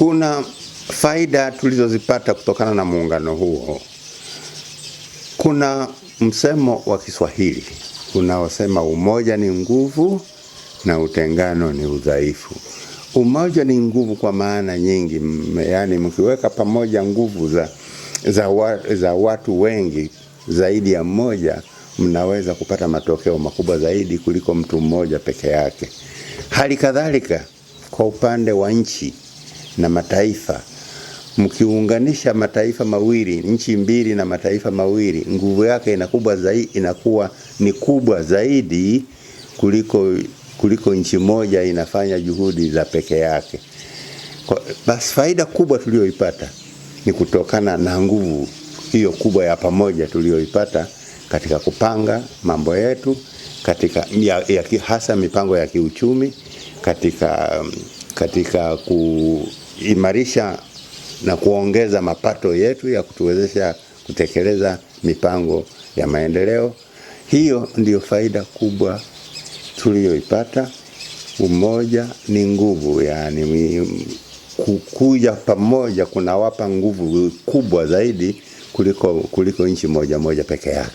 kuna faida tulizozipata kutokana na muungano huo. Kuna msemo wa Kiswahili unaosema umoja ni nguvu na utengano ni udhaifu. Umoja ni nguvu kwa maana nyingi, yaani mkiweka pamoja nguvu za, za, wa, za watu wengi zaidi ya mmoja mnaweza kupata matokeo makubwa zaidi kuliko mtu mmoja peke yake. Hali kadhalika kwa upande wa nchi na mataifa mkiunganisha mataifa mawili nchi mbili na mataifa mawili nguvu yake inakuwa zaidi, inakuwa ni kubwa zaidi kuliko, kuliko nchi moja inafanya juhudi za peke yake. Kwa, basi faida kubwa tuliyoipata ni kutokana na nguvu hiyo kubwa ya pamoja tuliyoipata katika kupanga mambo yetu katika ya, ya hasa mipango ya kiuchumi katika, katika ku kuimarisha na kuongeza mapato yetu ya kutuwezesha kutekeleza mipango ya maendeleo. Hiyo ndiyo faida kubwa tuliyoipata. Umoja ni nguvu, yani kukuja pamoja kunawapa nguvu kubwa zaidi kuliko, kuliko nchi moja moja peke yake.